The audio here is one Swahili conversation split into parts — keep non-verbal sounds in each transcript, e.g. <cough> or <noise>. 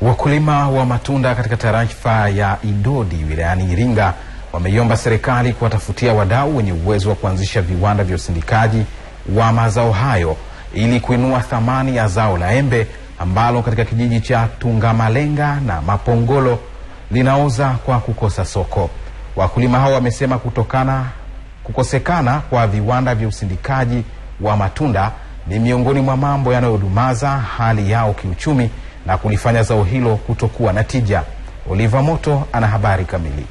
Wakulima wa matunda katika tarafa ya Idodi wilayani Iringa wameiomba serikali kuwatafutia wadau wenye uwezo wa kuanzisha viwanda vya usindikaji wa mazao hayo ili kuinua thamani ya zao la embe ambalo katika kijiji cha Tungamalenga na Mapongolo linaoza kwa kukosa soko. Wakulima hao wamesema kutokana kukosekana kwa viwanda vya usindikaji wa matunda ni miongoni mwa mambo yanayodumaza hali yao kiuchumi na kulifanya zao hilo kutokuwa na tija. Oliva Moto ana habari kamili.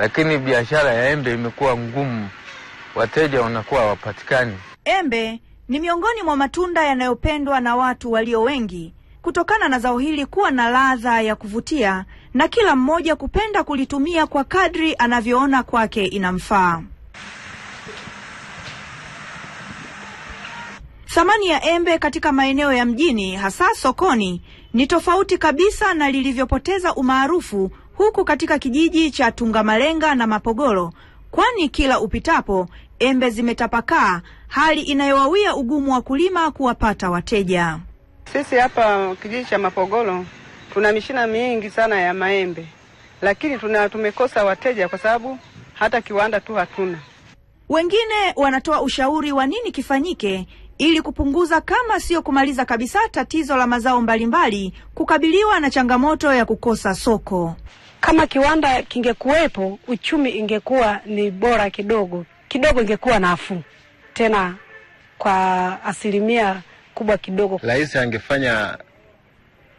Lakini biashara ya embe imekuwa ngumu, wateja wanakuwa hawapatikani. Embe ni miongoni mwa matunda yanayopendwa na watu walio wengi kutokana na zao hili kuwa na ladha ya kuvutia na kila mmoja kupenda kulitumia kwa kadri anavyoona kwake inamfaa. Thamani ya embe katika maeneo ya mjini hasa sokoni ni tofauti kabisa na lilivyopoteza umaarufu huku katika kijiji cha Tungamalenga na Mapogoro, kwani kila upitapo embe zimetapakaa, hali inayowawia ugumu wa kulima kuwapata wateja. Sisi hapa kijiji cha Mapogoro tuna mishina mingi sana ya maembe, lakini tuna tumekosa wateja kwa sababu hata kiwanda tu hatuna. Wengine wanatoa ushauri wa nini kifanyike ili kupunguza kama sio kumaliza kabisa tatizo la mazao mbalimbali kukabiliwa na changamoto ya kukosa soko. Kama kiwanda kingekuwepo, uchumi ingekuwa ni bora kidogo kidogo, ingekuwa nafuu tena kwa asilimia kubwa kidogo. Rais angefanya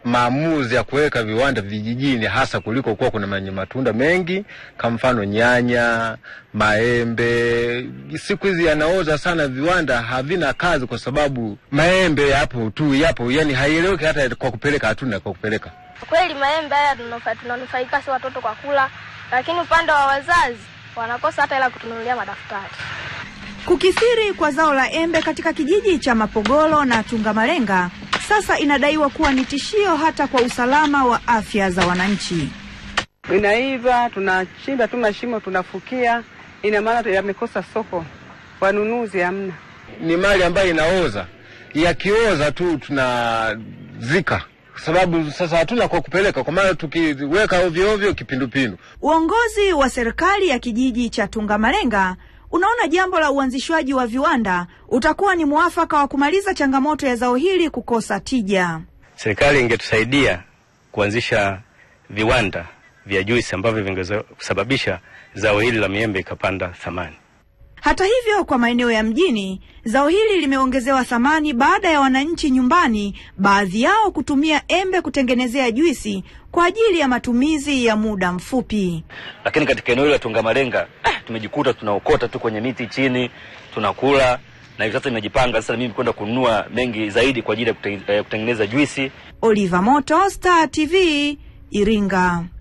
maamuzi ya kuweka viwanda vijijini hasa kuliko kuwa kuna manye matunda mengi kama mfano nyanya, maembe. Siku hizi yanaoza sana, viwanda havina kazi kwa sababu maembe yapo tu, yapo yani haieleweki hata kwa kupeleka, hatuna kwa kupeleka. Kweli maembe haya tunanufaika si watoto kwa kula, lakini upande wa wazazi wanakosa hata ila kutunulia madaftari. Kukithiri kwa zao la embe katika kijiji cha Mapogolo na Tungamalenga sasa inadaiwa kuwa ni tishio hata kwa usalama wa afya za wananchi. Inaiva, tunachimba tu mashimo, tunafukia, ina maana yamekosa soko, wanunuzi hamna. Ni mali ambayo inaoza, yakioza tu tunazika sababu sasa hatuna kwa kupeleka, kwa maana tukiweka ovyo ovyo kipindupindu. Uongozi wa serikali ya kijiji cha Tungamalenga unaona jambo la uanzishwaji wa viwanda utakuwa ni mwafaka wa kumaliza changamoto ya zao hili kukosa tija. Serikali ingetusaidia kuanzisha viwanda vya juisi ambavyo vingeweza kusababisha zao hili la miembe ikapanda thamani. Hata hivyo, kwa maeneo ya mjini zao hili limeongezewa thamani baada ya wananchi nyumbani, baadhi yao kutumia embe kutengenezea juisi kwa ajili ya matumizi ya muda mfupi. Lakini katika eneo hilo la Tungamalenga, eh, <clears throat> tumejikuta tunaokota tu kwenye miti chini tunakula na hivi sasa ninajipanga sasa mimi kwenda kununua mengi zaidi kwa ajili ya kuteng, eh, kutengeneza juisi. Oliver Moto, Star TV, Iringa.